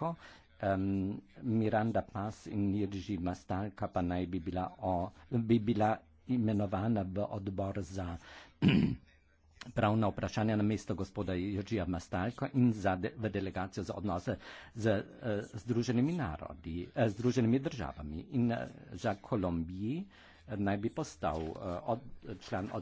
Marko, um, Miranda Pass in Nirji Mastalka pa naj bi bila, o, bi bila imenovana v odbor za pravna vprašanja na mesto gospoda Jožija Mastalko in za de, v delegacijo za odnose z uh, združenimi, narodi, uh, združenimi državami. In uh, za Kolombiji uh, naj bi postal uh, od, član odbora.